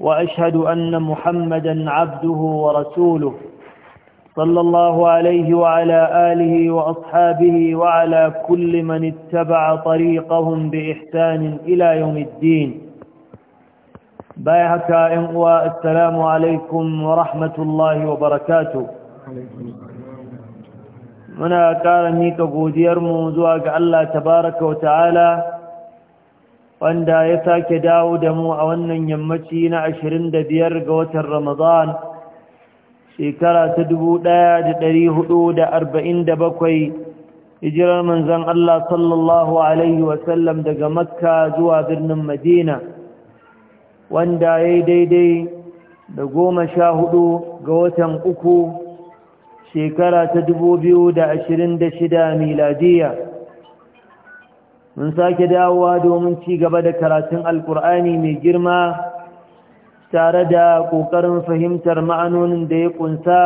وأشهد أن محمدا عبده ورسوله صلى الله عليه وعلى آله وأصحابه وعلى كل من اتبع طريقهم بإحسان إلى يوم الدين بايعك والسلام عليكم ورحمة الله وبركاته muna كان mika godiyarmu zuwa تبارك وتعالى wanda ya sake dawo da mu a wannan yammaci na 25 ga watan Ramadan shekara ta 1447 hijirar manzon Allah sallallahu alaihi wasallam daga Makka zuwa birnin Madina wanda ya daidai da goma sha hudu ga watan uku shekara ta 2026 miladiyya mun sake dawowa domin ci gaba da karatun alkur'ani mai girma tare da ƙoƙarin fahimtar ma'anonin da ya ƙunsa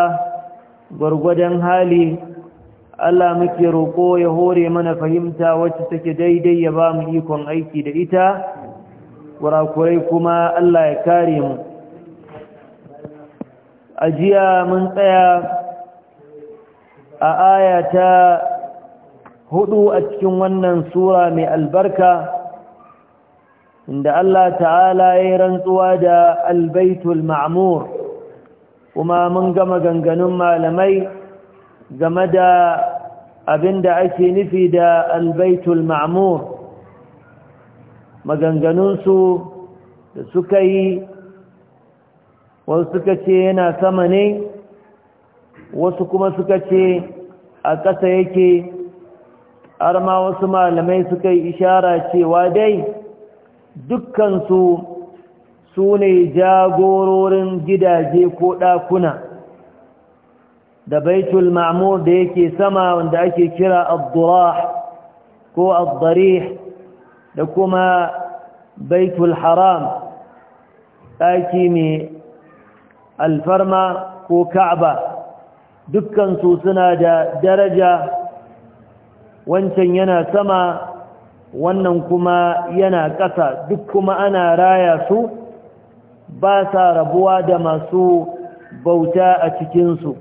gwargwadon hali Allah muke roƙo ya hore mana fahimta wacce take daidai ya ba mu ikon aiki da ita kurakurai kuma Allah ya kare mu jiya mun tsaya a ayata hudu a cikin wannan sura mai albarka inda Allah ta'ala ya rantsuwa da albaitul ma'mur kuma mun gama ganganun malamai game da abin da ake nufi da albaitul ma'mur maganganunsu da suka yi wasu suka ce yana sama ne wasu kuma suka ce a ƙasa yake har ma wasu malamai suka yi ishara cewa dai dukkansu su ne jagororin gidaje ko ɗakuna da baitul ma'amur da yake sama wanda ake kira abdurrah ko abdarih da kuma baitul haram ɗaki mai alfarma ko ka'aba dukkansu suna da daraja wancan yana sama wannan kuma yana ƙasa duk kuma ana raya su ba sa rabuwa da masu bauta a cikinsu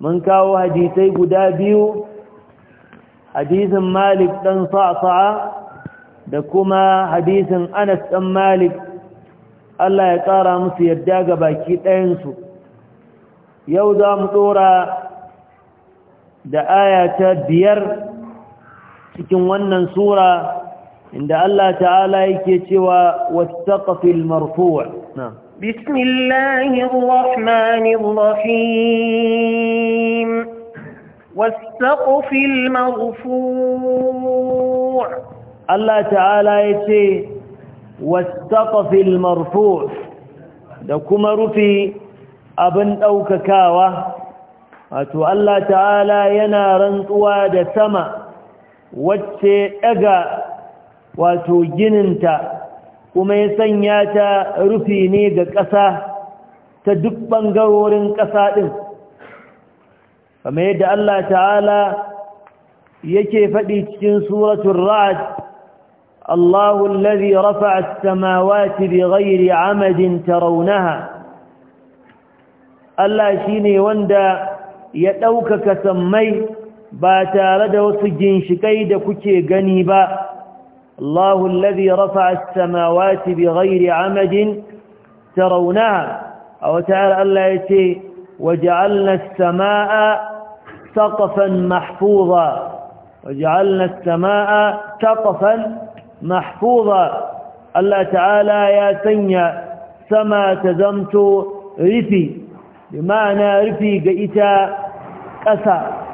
mun kawo hadisai guda biyu hadisin malik ɗan sa'asa'a da kuma hadisin anas ɗan malik Allah ya ƙara musu yadda ga baki ɗayansu yau za mu tsora da aya biyar cikin wannan sura inda Allah ta'ala yake cewa wattaqfil marfu' na'am bismillahir rahmanir rahim wattaqfil marfu' Allah ta'ala yace wattaqfil marfu' da kuma rufi abin daukakawa wato Allah ta'ala yana rantsuwa da sama wacce ɗaga wato gininta kuma ya sanya ta rufi ne ga ƙasa ta duk ɓangarorin ƙasa ɗin kamar yadda Allah ta'ala yake faɗi cikin suratun ra'ad الله الذي رفع amadin بغير عمد ترونها الله wanda ya ɗaukaka sammai ba tare da wasu ginshikai da kuke gani ba Allahu allazi rafa'a as-samawati bighairi 'amadin tarawnaha aw ta'ala Allah yace waja'alna as-samaa'a saqfan mahfuza waja'alna as-samaa'a saqfan mahfuza Allah ta'ala ya sanya sama ta zamto rifi bima'ana rifi ga ita ƙasa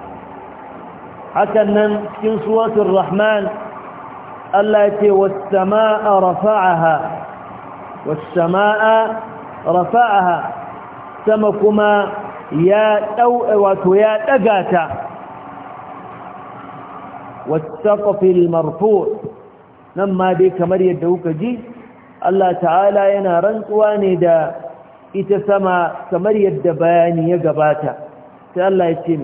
hakan nan cikin suwatul rahman Allah ya ce was-samaa rafa'aha was-samaa rafa'aha sama kuma ya dau wato ya daga ta was-saqfil marfu' nan ma dai kamar yadda kuka ji Allah ta'ala yana rantsuwa ne da ita sama kamar yadda bayani ya gabata sai Allah ya ce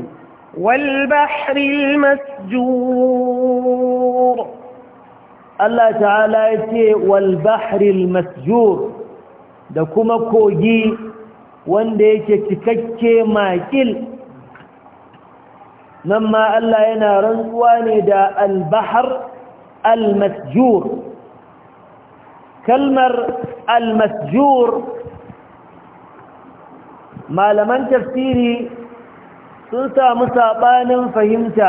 والبحر المسجور Allah ta'ala ya ce walbahril masjur da kuma kogi wanda yake cikakke makil nan ma Allah yana rantsuwa ne da albahar almasjur kalmar almasjur malaman tafsiri sun samu saɓanin fahimta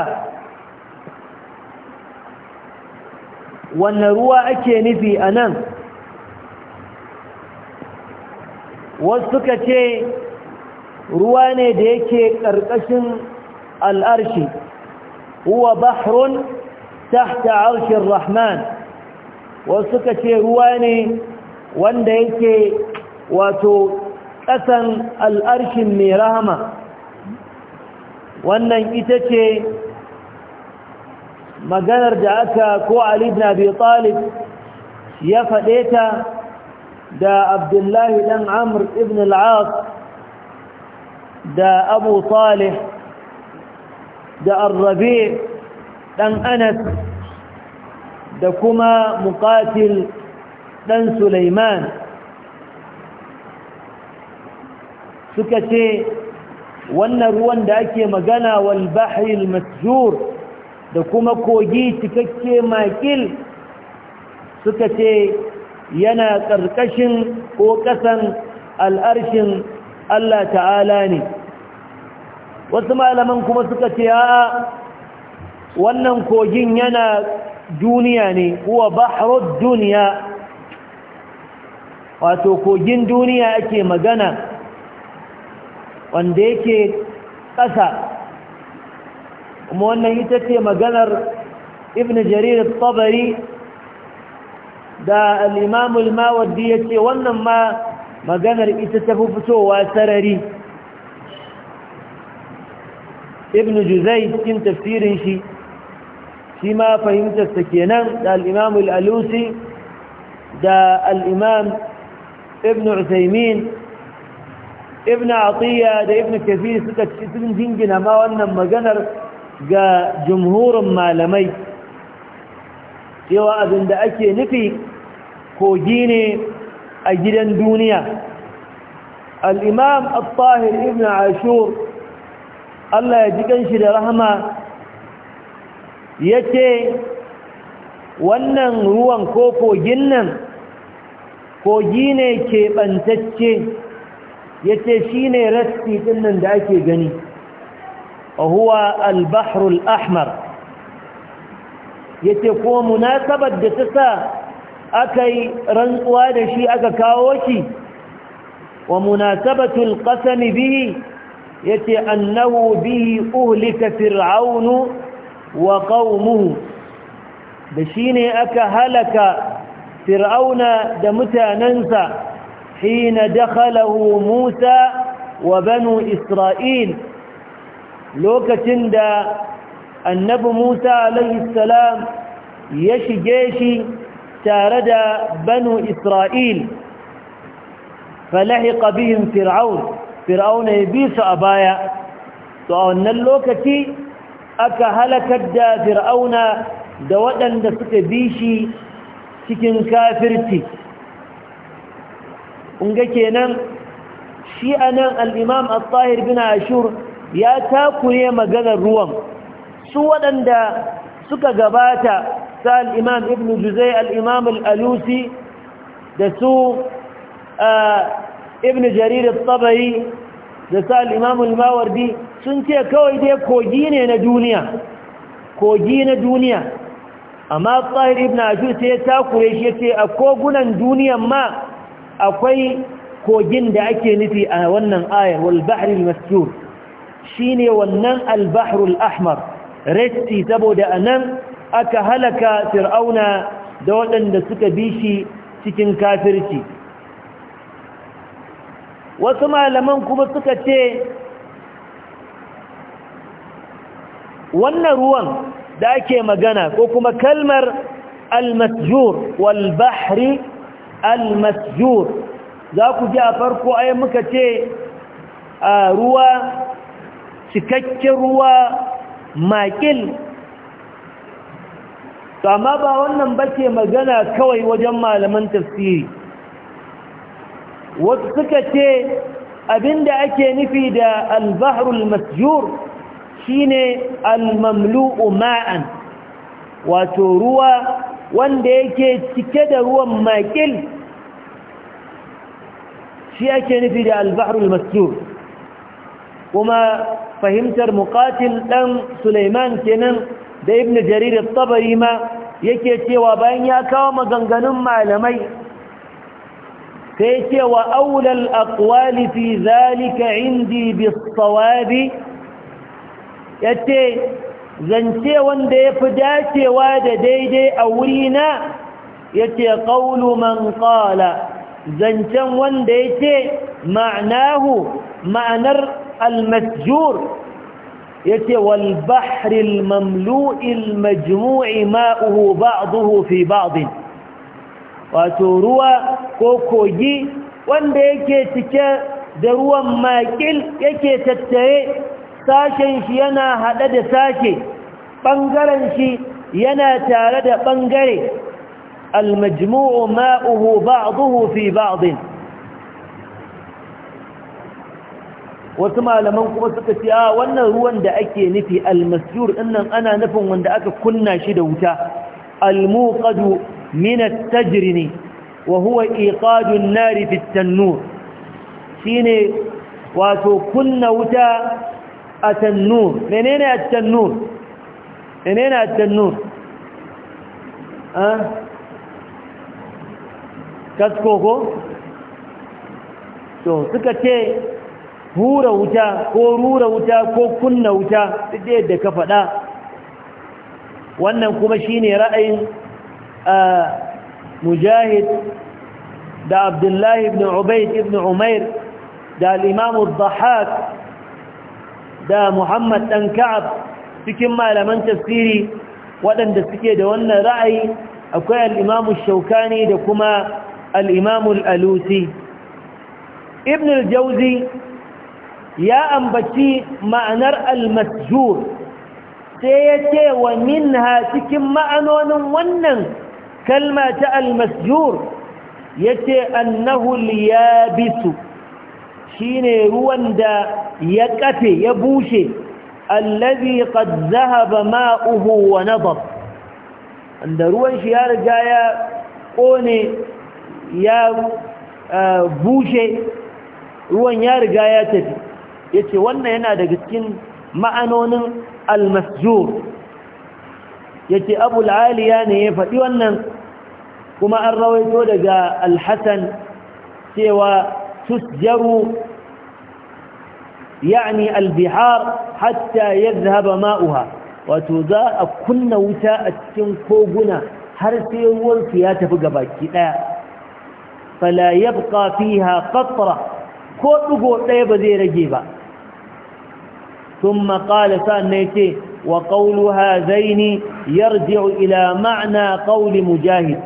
wannan ruwa ake nufi a nan wasu suka ce ruwa ne da yake ƙarƙashin al'arshi huwa bahrun tahta arshin rahman wasu suka ce ruwa ne wanda yake wato ƙasan al'arshin mai rahama wannan ita ce maganar da aka ko Ali ibn Abi Talib ya faɗe ta da Abdullahi dan Amr ibn al-As da Abu Salih da Ar-Rabi' dan Anas da kuma Muqatil dan Sulaiman suka ce wannan ruwan da ake magana wal bahril da kuma kogi cikakke makil suka ce yana ƙarƙashin ko ƙasan al'arshin Allah ta'ala ne wasu malaman kuma suka ce ya wannan kogin yana duniya ne kuwa bahrud duniya wato kogin duniya ake magana wanda yake ƙasa kuma wannan ita ce maganar ibn jarir tabari da al-imam al-mawardi yace wannan ma maganar ita ta fi fitowa sarari ibn juzay cikin tafsirin shi shi ma fahimtar ta kenan da al-imam al-alusi da al-imam ibn usaymin ibn atiya da ibn kathir suka cikin jingina ma wannan maganar ga jumhurin malamai cewa abin da ake nufi kogi ne a gidan duniya al'imam al-tahir ibn ashur Allah ya ji ganshi da rahama ya ce wannan ruwan ko kogin nan kogi ne keɓantacce ya ce shi ne rasti ɗinnan da ake gani a huwa albahrul ahmar ya ce ko munasabar da ta sa aka yi rantsuwa da shi aka kawo shi wa munasabatul qasami bihi yace annahu bihi uhlika fir'aunu wa qaumuhu da shine aka halaka fir'auna da mutanensa. حين دخله موسى وبنو إسرائيل لوكتن دا النبي موسى عليه السلام يشي جيشي تاردى بنو إسرائيل فلحق بهم فرعون فرعون يبيس أبايا وأن اللوكتي أكا هلكت دا فرعون دا ودن دا سكبيشي سكن كافرتي kun ga kenan shi anan alimam imam al-tahir bin ashur ya takure maganar ruwan su waɗanda suka gabata ta al'imam ibn juzay al'imam imam al-alusi da su ibn jarir al-tabari da sa Al'imam al-mawardi sun ce kawai dai kogi ne na duniya kogi na duniya amma al-tahir ibn ashur ta ya takure shi ya ce a kogunan duniyan ma akwai kogin da ake nufi a wannan ayar wal Masjur shi shine wannan Albahrul ahmar resti saboda nan aka halaka fir'auna da waɗanda suka bi shi cikin kafirci wasu malaman kuma suka ce wannan ruwan da ake magana ko kuma kalmar Almasjur Walbahri? al-masjur za ku ji a farko ai muka ce a ruwa cikakken ruwa makil to amma ba wannan bace magana kawai wajen malaman tafsiri wasu suka ce abinda ake nufi da al-bahrul masjur shine al-mamlu'u ma'an wato ruwa wanda yake cike da ruwan makil shi ake nufi da albaharul mastur kuma fahimtar mukatin dan Sulaiman kenan da ibn jarir tabari ma yake cewa bayan ya kawo maganganun malamai sai cewa aulal aqwali fi zalika indi bis-sawabi yace zance wanda ya fi dacewa da daidai a wurina ya ce ƙaunu man ƙala zancen wanda ya ce ma'anahu ma'anar almasjur ya ce walbahril mamlu'il majmu'i ma'uhu ba'aduhu fi ba'adin wato ruwa ko kogi wanda yake cike da ruwan makil yake tattare sashen shi yana haɗe da sashe ɓangaren shi yana tare da ɓangare almajmu'u ma'uhu ba'dahu fi ba'din wasu malaman kuma suka ce a wannan ruwan da ake nufi almasyur dinnan ana nufin wanda aka kunna shi da wuta almuqadu min at-tajrini wa huwa iqadu an-nar fi at-tanur shine wato kunna wuta at-tannur menene at-tannur menene at-tannur ah kasko ko to suka ce hura wuta ko rura wuta ko kunna wuta duk yadda ka faɗa wannan kuma shine ra'ayin mujahid da abdullahi ibn ubayd ibn umair da al-imam ad-dhahhak da muhammad ɗan ka'ab cikin malaman tafsiri waɗanda suke da wannan ra'ayi akwai al'imamu shaukani da kuma al'imamul alusi. ibn al-jauzi ya ambaci ma'anar al-masjur sai ya ce wa minha cikin ma'anonin wannan kalma ta al-masjur ya ce annahu liyabisu shine ruwan da ya kafe ya bushe allazi qad zahaba ma'uhu wa nadab da ruwan shi ya riga ya kone ya eh, bushe ruwan ya riga ya tafi yace wannan yana daga cikin ma'anonin al-masjur yace Abu al-Aliya ne ya faɗi wannan kuma an rawaito daga al-Hasan cewa tusjaru يعني البحار حتى يذهب ماؤها وتضاء كل وتاء التنكوبنا هرسي والفيات فقباكي فلا يبقى فيها قطرة كوتقو طيب ذي رجيبا ثم قال سانيتي وقول هذين يرجع إلى معنى قول مجاهد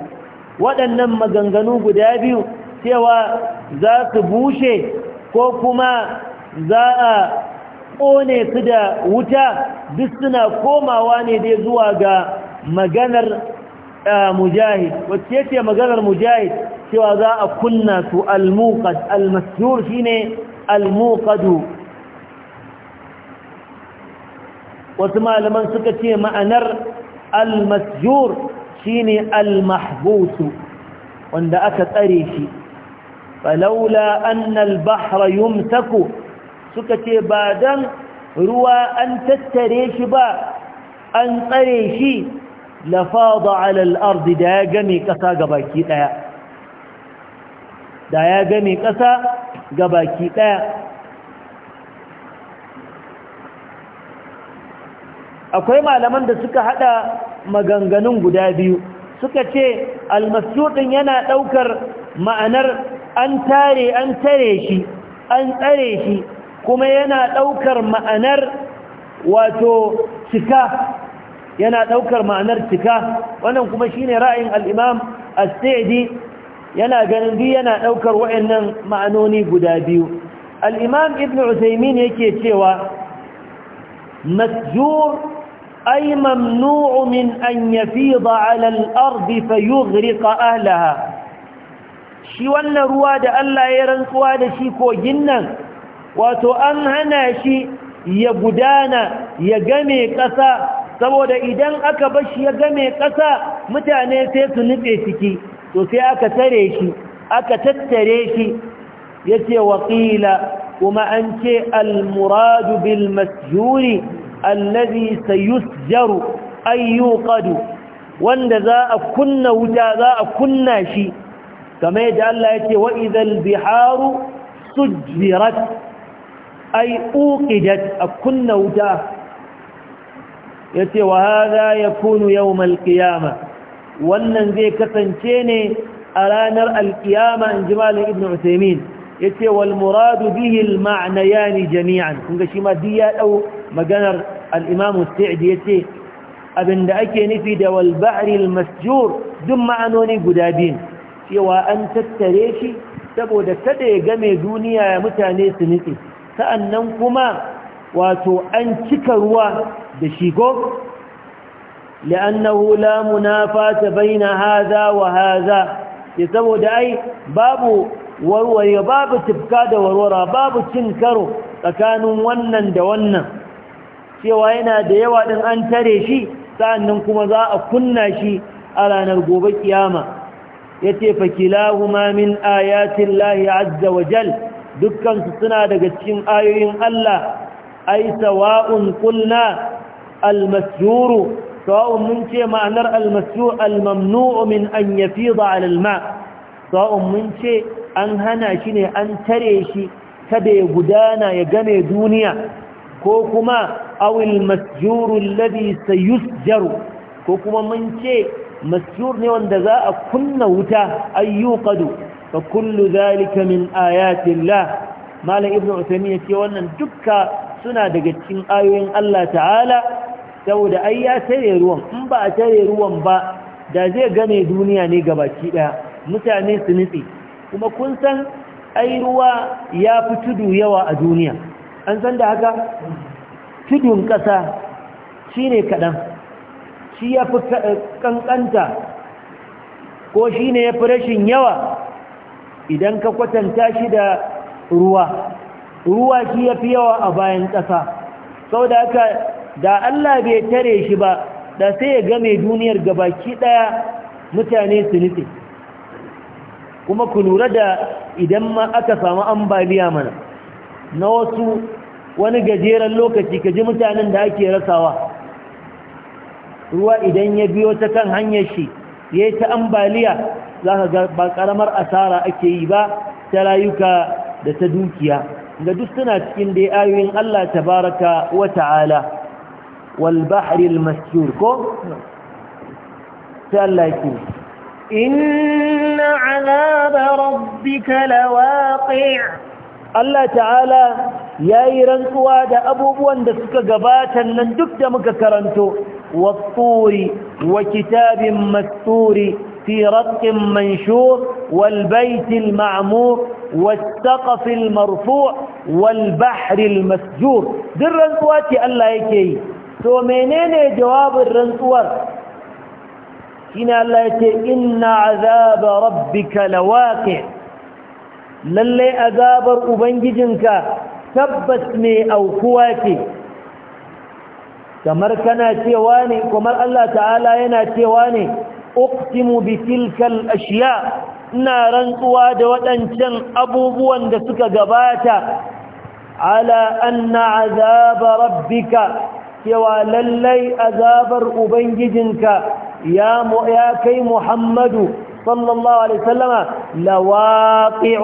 waɗannan maganganu guda biyu cewa za su bushe ko kuma za a ƙone su da wuta duk suna komawa ne dai zuwa ga maganar mujahid wacce ce maganar mujahid cewa za a kunna su al-muqad al-masjur shine al-muqadu wasu malaman suka ce ma'anar al-masjur shine al-mahbusu wanda aka tsare shi falaula annal bahra yumtaku suka ce ba dan ruwa an tattare shi ba an tsare shi lafada ala al da ya game kasa gabaki ɗaya, da ya game kasa gabaki ɗaya. akwai malaman da suka hada maganganun guda biyu suka ce almasudin yana ɗaukar ma'anar an tare an tare shi an tsare shi kuma yana ɗaukar ma'anar wato cika yana ɗaukar ma'anar cika wannan kuma shine ra'ayin al'imam a saidi yana ganin biyu yana ɗaukar wa'annan ma'anoni guda biyu al'imam ibn usaimin yake cewa masjur ay mamnu'u min an yafida 'ala al-ardi fayughriqa ahlaha shi wannan ruwa da Allah ya rantsuwa da shi kogin nan wato an hana shi ya gudana ya game ƙasa saboda idan aka shi ya game ƙasa mutane sai su nutse ciki to sai aka tare shi aka tattare shi ya ce waƙila kuma an ce almuradu bil masjuri allazi sayusjaru ayyuqadu wanda za a kunna wuta za a kunna shi kamar yadda Allah ya ce wa izal biharu sujjirat ai uqidat a kunna wuta yace wa ya yakunu yau alqiyama wannan zai kasance ne a ranar alqiyama in jimalin ibn usaymin yace wal murad bihi al ma'nayan jami'an kunga shi ma diya dau maganar al imam as-sa'di yace abinda ake nufi da wal bahri masjur duk ma'anoni guda biyun cewa an tattare shi saboda kada ya game duniya mutane su nitsi Sa'annan kuma wato an cika ruwa da shigo la’annahu lamuna fata bai na haza wa haza ya saboda ai babu warware babu tufka da warwara babu cin karo tsakanin wannan da wannan cewa yana da yawa ɗin an tare shi sa'annan kuma za a kunna shi a ranar gobe kiyama ya ce fakila min ayatin lahi azza wa jal dukkansu suna daga cikin ayoyin Allah ai sawa'un qulna al-masjuru mun ce ma'anar al almamnu'u min an yafida 'ala al-ma sawa'un mun ce an hana shi ne an tare shi kada ya gudana ya game duniya ko kuma awil masjuru sayus sayusjaru ko kuma mun ce masjur ne wanda za a kunna wuta ayyuqadu fa kullu zalika min ayati Allah malam ibnu usaymin yace wannan dukka suna daga cikin ayoyin Allah ta'ala saboda ai ya tare ruwan in ba a tare ruwan ba da zai game duniya ne gabaki daya mutane su nitsi kuma kun san ai ruwa ya fi tudu yawa a duniya an san da haka tudun ƙasa shi ne kaɗan shi ya fi ƙanƙanta ko shi ne ya fi rashin yawa idan ka kwatanta shi da ruwa ruwa shi ya fi yawa a bayan ƙasa sau da haka da Allah bai tare shi ba da sai ya game duniyar gabaki ɗaya mutane su nufi kuma ku lura da idan ma aka samu ambaliya mana na wasu wani gajeren lokaci ka ji mutanen da ake rasawa ruwa idan ya biyo ta kan hanyar shi ya yi ta ambaliya za ka ga ba ƙaramar asara ake yi ba ta rayuka da ta dukiya ga suna cikin da ayoyin Allah tabaraka wa ta'ala wal bahril masjur ko ta Allah yake إن عذاب ربك لواقع Allah ta'ala ya yi rantsuwa da abubuwan da suka gabatan nan duk da muka karanto watturi wa kitabin masturi fi ratqin manshur wal baitil ma'mur والسقف المرفوع والبحر المسجور دي الرنسوات الله يكي تو منين جواب الرنسوات هنا الله يكي إن عذاب ربك لواقع lallai azabar ubangijinka tabbas mai aukuwa ce kamar kana cewa ne kamar Allah ta'ala yana cewa ne uqtimu bi tilkal ashiya ina rantsuwa da waɗancan abubuwan da suka gabata ala anna azaba rabbika cewa lallai azabar ubangijinka ya kai muhammadu صلى الله عليه وسلم لواقع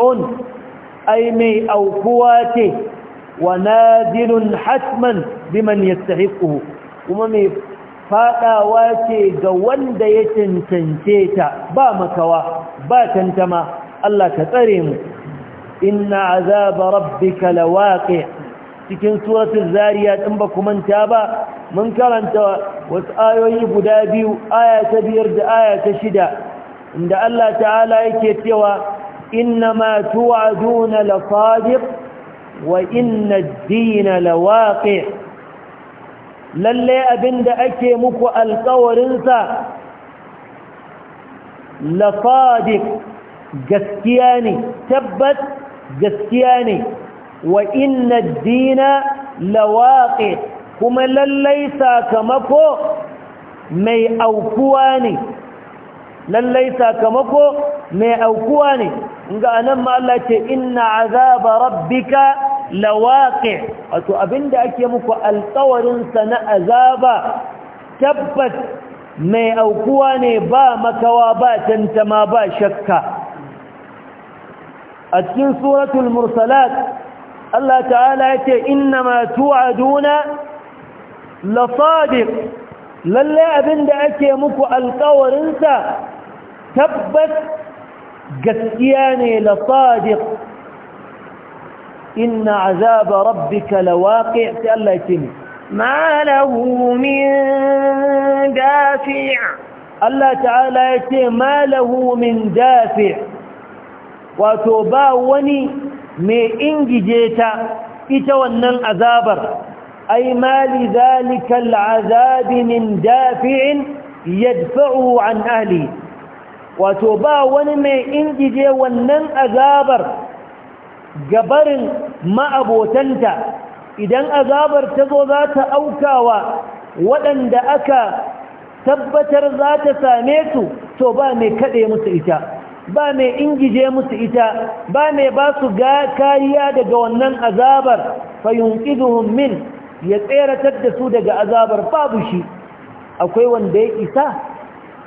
أي مي أو قواته ونادل حتما بمن يستحقه ومن فاقواته قوان ديتن تنتيتا بامك مكوا با تنتما الله تقريم إن عذاب ربك لواقع تكن سورة الزاريات din ba kuma ta ba mun karanta wasu ayoyi guda biyu aya ta inda Allah ta'ala yake cewa innama tu'aduna la wa inna ad-dina la lalle abinda ake muku alƙawarin sa la gaskiya ne tabbat gaskiya ne wa inna ad-dina la kuma lallai sakamako mai aukuwa ne lallai sakamako mai aukuwa ne ga anan ma Allah ce inna azaba rabbika lawaƙe wato abinda ake muku alƙawarin sa na azaba tabbat mai aukuwa ne ba makawa ba tantama ba shakka a cikin suratul mursalat Allah ta'ala ya ce inna ma tu'aduna la sadiq Lallai abin da ake muku alkawarinsa tabbas gaskiya ne la sadiq inna azaba rabbika lawaqi sai Allah yake ni ma lahu min dafi' Allah ta'ala yake ma lahu min dafi' wato ba wani mai ingije ta ita wannan azabar أي ما لذلك العذاب من دافع يدفعه عن أهله وتوبا ونمي إنجي ونن أذابر جبر ما أبو تنتا إذن أذابر تضو ذات أوكاوا ودن دأكا tabbatar zata same su to ba mai kaɗe musu ita ba mai ingije musu ita ba mai ba su kariya daga wannan azabar fayunqiduhum min ya tseratar da su daga azabar babu shi akwai wanda ya isa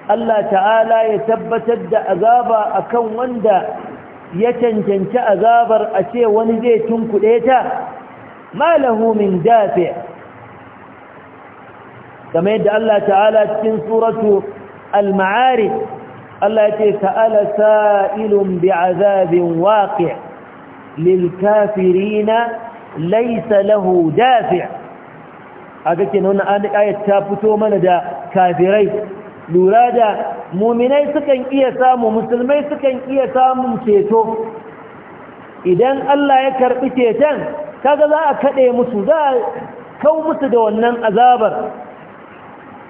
Allah ta'ala ya tabbatar da azaba akan wanda ya cancanci azabar a ce wani zai tunkuɗe ta malahu min dafi kamar yadda Allah ta'ala cikin suratu al-ma'arij Allah ya ce ta'ala sa'ilun bi'azabin waqi' lil kafirina laysa lahu dafi' Aga ke nuna ayat ta fito mana da kafirai lura da muminai sukan iya samu musulmai sukan iya samun ceto idan Allah ya karɓi ceton kaga za a kaɗe musu za a kau musu da wannan azabar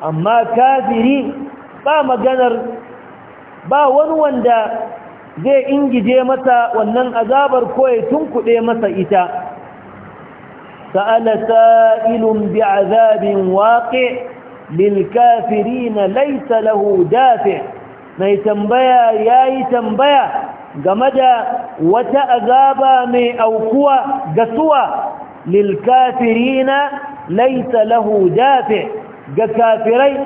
amma kafiri ba maganar ba wani wanda zai ingije masa wannan azabar ko ya tunkuɗe masa ita سأل ilumbi azabin waƙe, للكافرين ليس له دافع mai tambaya ya yi tambaya game da wata azaba mai aukuwa ga suwa lilkafirina laisa lahu dafi ga kafirai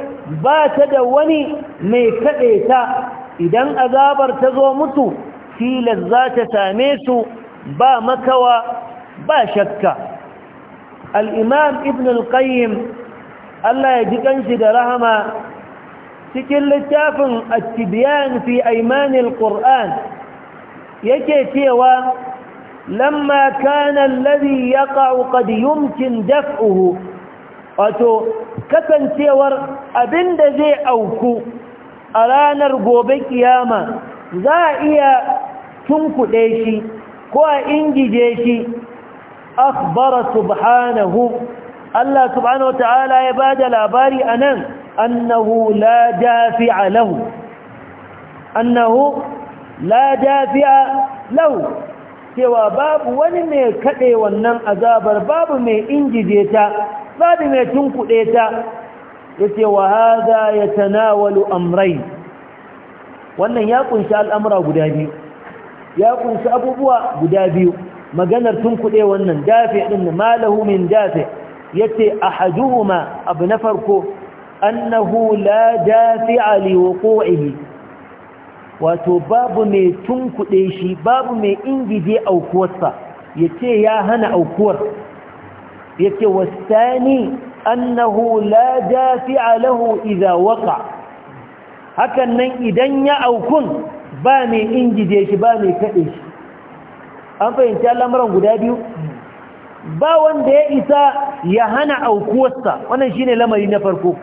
ba ta da wani mai kaɗe ta idan azabar ta zo mutu tilas za ta same su ba makawa ba shakka al'imam ibn al-qayyim Allah ya ji kanshi da rahama cikin littafin attibiyansi fi aimanil ƙur'an yake cewa lamma kana ya yaqa'u qad yumkin daf'uhu wato kasancewar abinda zai auku a ranar gobe kiyama za a iya tunkuɗe shi ko a ingije shi Akbara subhanahu Allah subhanahu wataala ya bada labari anan annahu la dafi'a lahu annahu la dafi'a lahu cewa babu wani mai kade wannan azabar babu mai injije ta babu mai tunkude ta yace ya hadha yatanawalu amrayn wannan ya kunshi al'amura guda biyu ya ƙunshi abubuwa guda biyu maganar tun kuɗe wannan dafe ɗin malahu min dafi yace ahaduhuma abu na farko annahu la dafi'a ko wuqu'ihi wato babu mai tun kuɗe shi babu mai ingije aukuwarsa yace ya hana aukuwar yace wasani annahu la dafi'a lahu idza waqa hakan nan idan ya aukun ba mai ingije shi ba mai kaɗe shi an fahimci al'amuran guda biyu ba wanda ya isa ya hana aukuwarsa wannan ne lamari na farko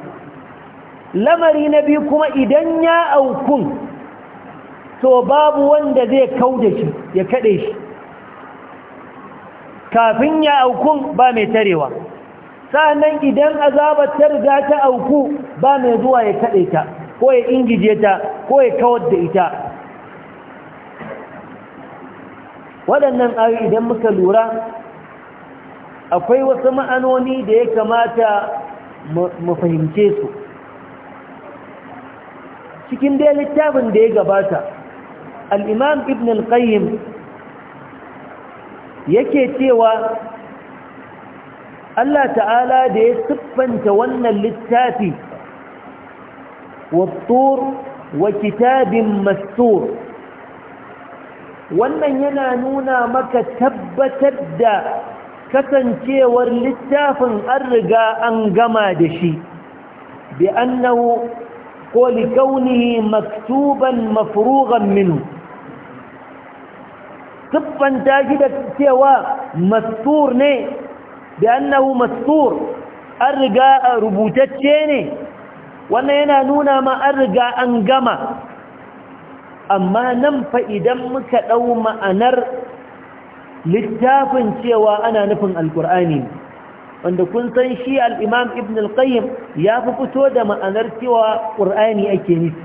lamari na biyu kuma idan ya aukun to babu wanda zai kauda shi ya kade shi kafin ya aukun ba mai tarewa sa'annan idan azabar ta riga ta auku ba mai zuwa ya kade ta ko ya ingije ta ko ya kawar da ita waɗannan ayoyi idan muka lura akwai wasu ma'anoni da ya kamata mu fahimce su cikin dai littafin da ya gabata al'imam ibn al-qayyim yake cewa Allah ta'ala da ya siffanta wannan littafi wa tur wa kitabin mastur wannan yana nuna maka tabbatar da kasancewar littafin an riga an gama da shi bi annahu ko li kaunihi maktuban mafrugan minhu ta shi da cewa mastur ne da annahu mastur an riga rubutacce ne wannan yana nuna ma an riga an gama amma nan fa idan muka ɗau ma'anar littafin cewa ana nufin alkur'ani wanda kun san shi al'imam ibn al-qayyim ya fi fito da ma'anar cewa ƙur'ani ake nufi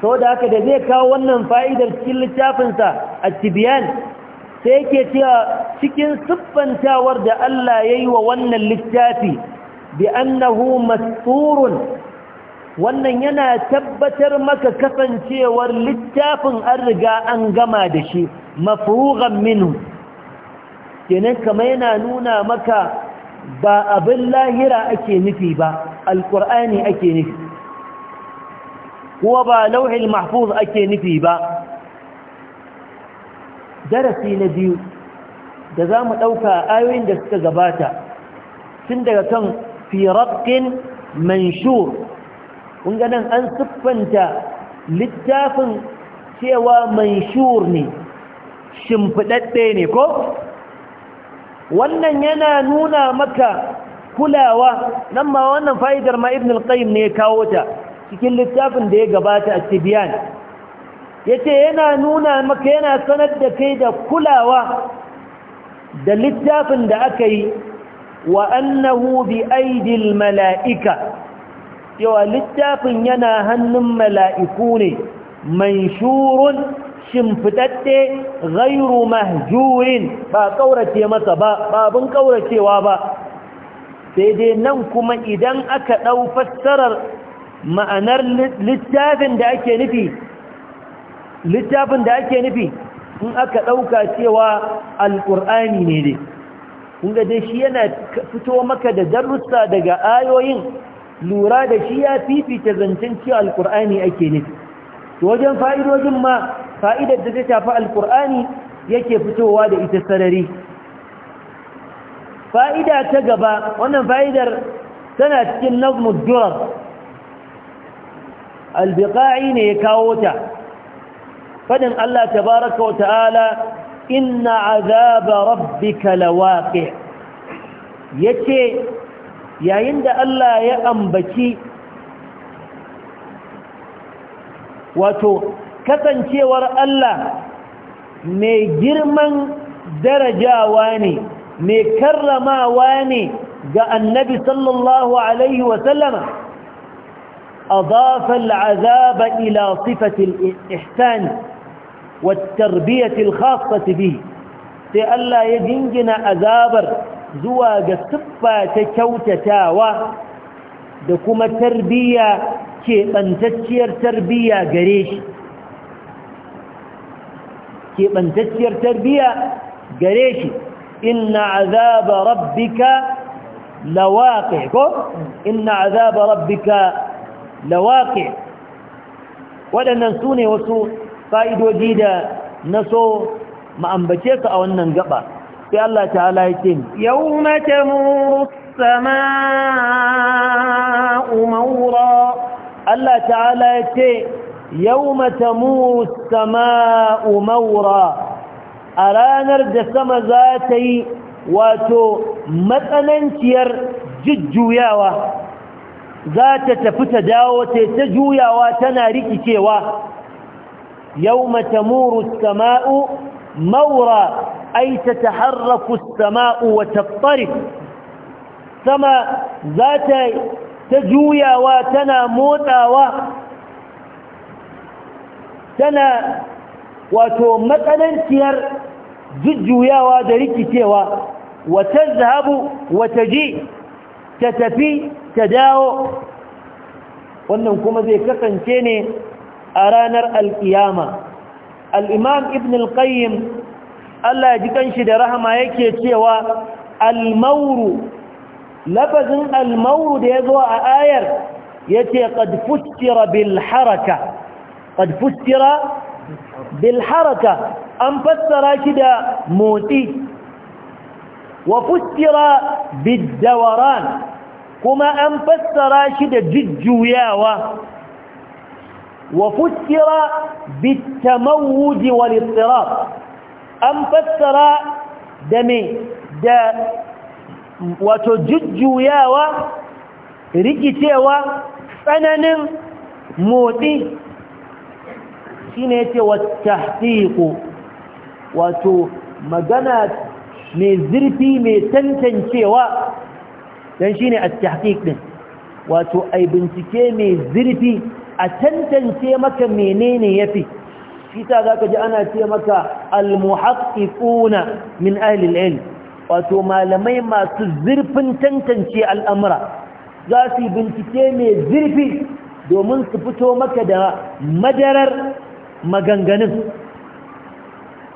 sau da haka da zai kawo wannan fa'idar cikin littafinsa a tibiyan sai yake cewa cikin siffantawar da Allah ya yi wa wannan littafi bi annahu masturun wannan yana tabbatar maka kasancewar littafin an riga an gama da shi mafrugan minhu kenan kamar yana nuna maka ba abin lahira ake nufi ba alkur'ani ake nufi kuwa ba lauhin mahfuz ake nufi ba darasi na biyu da za mu ɗauka ayoyin da suka gabata tun daga kan firafkin manshur kun ganin an siffanta littafin cewa manshur ne shimfiɗaɗɗe ne ko wannan yana nuna maka kulawa nan ma wannan fa'idar ma ibn al-qayyim ne kawo ta cikin littafin da ya gabata a tibiyan yace yana nuna maka yana sanar da kai da kulawa da littafin da aka yi wa annahu bi aidil mala'ika cewa littafin yana hannun mala'iku ne manshurun shimfitadde gairu mahjurin ba kaurace masa ba babun kauracewa ba sai dai nan kuma idan aka ɗau fassarar ma'anar littafin da ake nufi littafin da ake nufi in aka ɗauka cewa alƙur'ani ne dai kun dai shi yana fito maka da darussa daga ayoyin lura da shi ya fifita zancen cewa alkur'ani ake nufi to wajen fa'idojin ma fa'idar da ta shafi alkur'ani yake fitowa da ita sarari fa'ida ta gaba wannan fa'idar tana cikin nazmud durar ne ya kawo ta fadin Allah tabaraka wa ta'ala inna azaba rabbika lawaqi yace yayin da Allah ya ambaci wato kasancewar Allah mai girman darajawa ne mai karramawa ne ga annabi sallallahu alaihi wasallama أضاف العذاب إلى صفة الإحسان والتربية الخاصة به تألا يجنجن أذابر zuwa ga siffa ta kyautatawa da kuma tarbiyya keɓantacciyar tarbiyya gare shi keɓantacciyar tarbiyya gare shi inna azaba rabbika lawaqi ko inna azaba rabbika waɗannan su ne wasu fa'idoji da na so ma'ambace su a wannan gaba sai Allah ta'ala ya ce yawma tamuru as Allah a ranar da sama za ta yi wato matsananciyar jujjuyawa za ta tafi ta dawo ta ta juyawa tana rikicewa yau matamuru sama'u maura أي تتحرك السماء وتضطرب سما ذات تجويا وتنا موتا وتنا وتمتننتير ججويا ودركتيوا وتذهب وتجيء تتفي تداو wannan kuma zai kasance ne a ranar al'iyama al'imam ibn al-qayyim Allah ya ji kanshi da rahama yake cewa al-mawru lafazin al-mawru da yazo a ayar yace qad fustira bil haraka qad fustira bil haraka an fassara shi da motsi wa fustira bid dawaran kuma an fassara shi da jujjuyawa wa fustira bit tamawud wal an fassara da me da wato jujjuyawa rikicewa tsananin motsi shine yace wattahqiqu wato magana mai zurfi mai tantancewa dan shine at-tahqiq din wato ai bincike mai zurfi a tantance maka menene yafi shi sa za ji ana ce maka almuhaƙiƙuna min ahlil ilm wato malamai masu zurfin tantance al'amura za su bincike mai zurfi domin su fito maka da madarar maganganun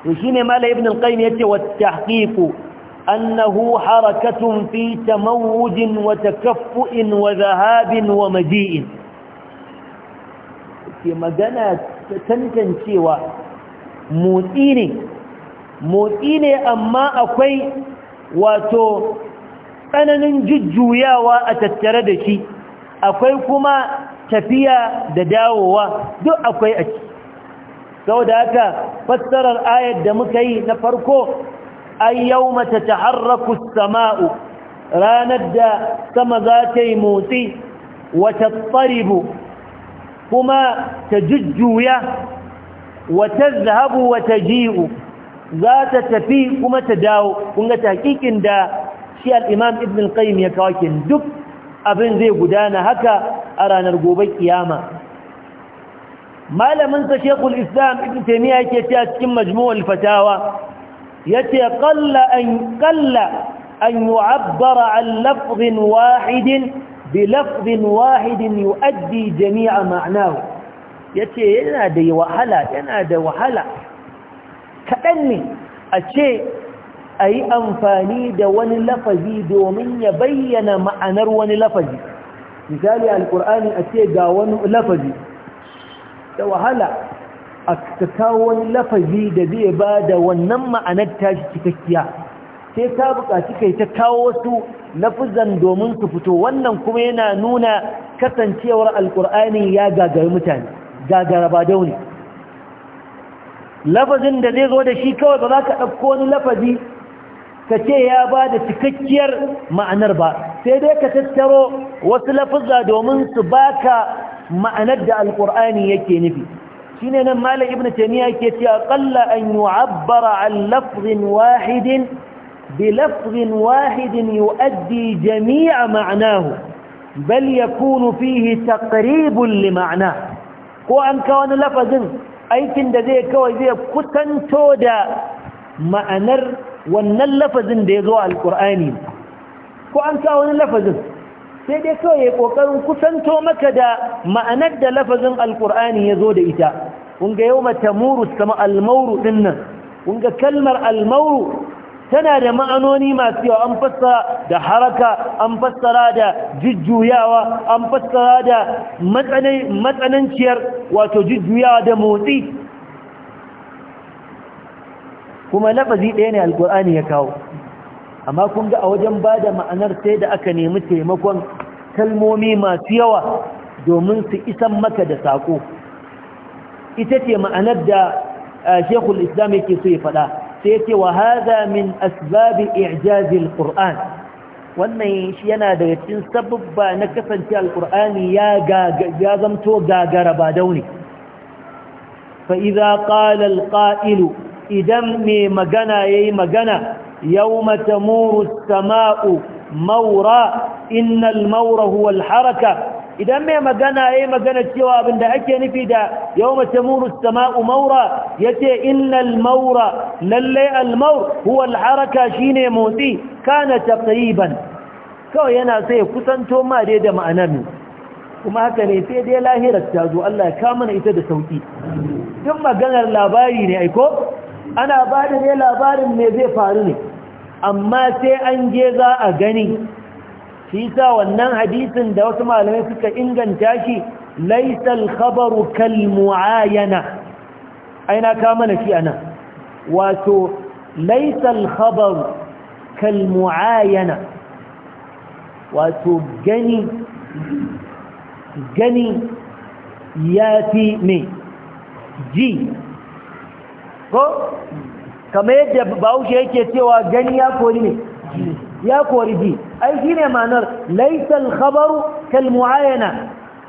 to shine malai ibn al-qaim qayyim yace wa annahu harakatun fi أنه wa takaffu'in wa وتكفؤ wa maji'in ke magana tantancewa motsi ne motsi ne amma akwai wato tsananin jujjuyawa a tattare da shi akwai kuma tafiya da dawowa duk akwai a Sau da haka fassarar ayar da muka yi na farko ay yau tataharraku as-sama'u ranar da sama za ta yi motsi wata tattaribu كما تجج يا وتذهب وتجيء ذات تفي كما تداو كنت تحقيقين دا شيء الإمام ابن القيم يكاكين دب أبن ذي قدانا هكا أرى نرقوبي قياما ما لمن تشيخ الإسلام ابن تيمية يتيات كم مجموع الفتاوى يتي قل أن قل أن يعبر عن لفظ واحد bilafzin wahidin yu'addi jami'a ma'ana yace yana da wahala yana da wahala kadan ne a ce ayi amfani da wani lafazi domin ya bayyana ma'anar wani lafazi misali alqur'ani a ce ga wani lafazi da wahala a kaka wani lafazi da zai ba da wannan ma'anar tashi cikakkiya sai ta buƙaci kai ta kawo su lafuzan domin su fito wannan kuma yana nuna kasancewar alkur'ani ya gagari mutane gagara ba daune lafazin da zai zo da shi kawai ba za ka ɗauko wani lafazi ka ce ya ba da cikakkiyar ma'anar ba sai dai ka tattaro wasu lafuzza domin su baka ma'anar da alkur'ani yake nufi shine nan malam ibnu taymiya yake cewa qalla an yu'abbara an lafzin wahidin بلفظ واحد يؤدي جميع معناه بل يكون فيه تقريب لمعناه ko an kawo wani lafazin aikin da zai kawai zai kusanto da ma'anar wannan lafazin da ya zo alkur'ani ko an kawo wani lafazin sai dai kawai ya kokarin kusanto maka da ma'anar da lafazin alkur'ani ya zo da ita kunga yau mata muru sama almauru dinnan kunga kalmar almauru tana da ma'anoni masu yawa an fassara da haraka an fassara da jujjuyawa an fassara da matsananciyar wato jujjuyawa da motsi kuma lafazi ɗaya ne alkur'ani ya kawo amma kun ga a wajen ba da ma'anar sai da aka nemi taimakon kalmomi masu yawa domin su isan maka da saƙo ita ce ma'anar da eh, shekul islam yake so ya faɗa sai ce wa hada min asbabi i'jazil qur'an wannan shi yana daga cikin sababba na kasance alqur'ani ya ya zamto gagara ba daune fa idza qala alqa'il idan me magana yayi magana yawma tamuru as-sama'u mawra inna al-mawra huwa al-haraka idan mai magana yayi magana cewa abin da ake nufi da yau mace as-sama'u ya yace innal maura lallai al huwa al-haraka shine motsi kana ban" kawai yana sai kusanto ma dai da ma'anar kuma haka ne sai dai lahirar ta zo Allah ya kama ita da sauki duk maganar labari ne aiko ana ba da ne labarin me zai faru ne amma sai an je za a gani shi sa wannan hadisin da wasu malamai suka inganta shi laisal khabaru kal muayana aina ka mana shi anan wato laisal khabaru kal muayana wato gani gani ya fi ne ji ko kamar yadda bahaushe yake cewa gani ya kori ne ya kori ji ai shine ma'anar laisal khabaru kal muayana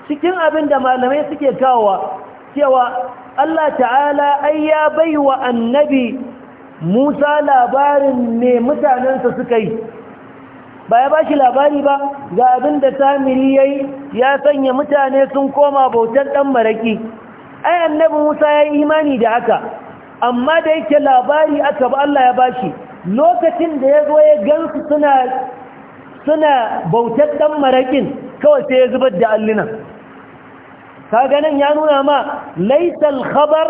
cikin abin da malamai suke kawowa cewa Allah ta'ala ai ya baiwa annabi Musa labarin me mutanensa suka yi ba ya bashi labari ba ga abin da samiri yayi ya sanya mutane sun koma bautar dan maraki ai annabi Musa ya yi imani da haka amma da yake labari aka ba Allah ya bashi lokacin da ya zo ya gansu suna suna bautar ɗan maraƙin kawai sai ya zubar da allinan kaga nan ya nuna ma laisal khabar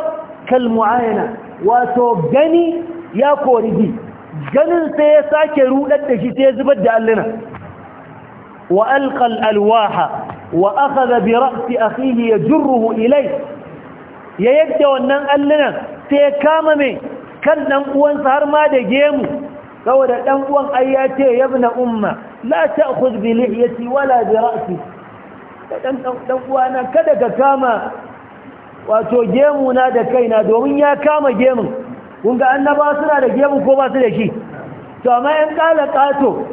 kal mu'ayana wato gani ya kori ganin sai ya sake ruɗar da shi sai ya zubar da alluna wa alƙal alwaha wa akhadha a ra's ya jirruhu ilai ya yadda wannan allunan sai ya kama mai kan ɗan uwansa har ma da gemu saboda ɗan uwan ai ya ce umma la ta'khudh bi lihiyati wala dan uwana kada ka kama wato gemu na da kaina domin ya kama gemun kun ga annaba suna da gemu ko ba su da shi to amma yan kala kato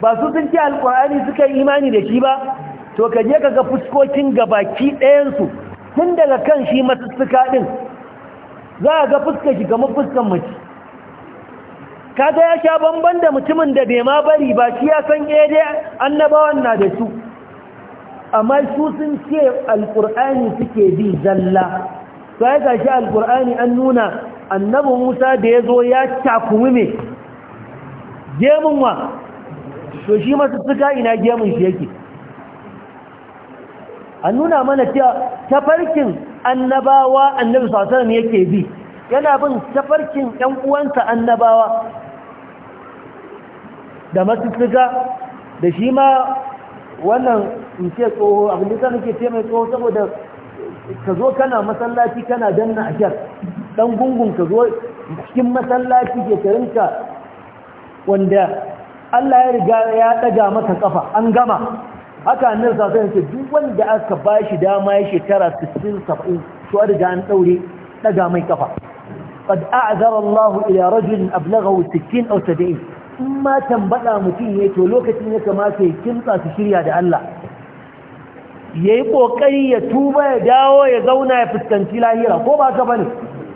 ba su sun ci alqur'ani suka imani da shi ba to ka je kaga fuskokin gabaki ɗayan su tun daga kan shi masussuka din za ga fuskar shi kamar fuskar mace ta ya sha bamban da mutumin da bai ma bari ba shi ya san eh annabawan na da su amma su sun ce alqur'ani suke bi zalla to ya gashi alqur'ani an nuna annabi Musa da yazo ya takumi mai gemunwa. to shi masu suka ina gemun shi yake an nuna mana cewa tafarkin annabawa annabi sallallahu ne yake bi yana bin tafarkin ƴan uwansa annabawa da masussuka da shi ma wannan in ce tsoho abin da nake ce mai tsoho saboda ka zo kana masallaci kana danna ashar dan gungun ka zo cikin masallaci ke karinka wanda Allah ya riga ya daga maka kafa an gama haka annar sasa ce duk wanda aka bashi dama ya shekara 60-70 to a riga an daure daga mai kafa قد أعذر الله إلى رجل أبلغه 60 أو 70 in ma tambada mutum ya to lokacin ya kamata ya kimtsa su shirya da Allah ya yi ƙoƙari ya tuba ya dawo ya zauna ya fuskanci lahira ko ba ka bane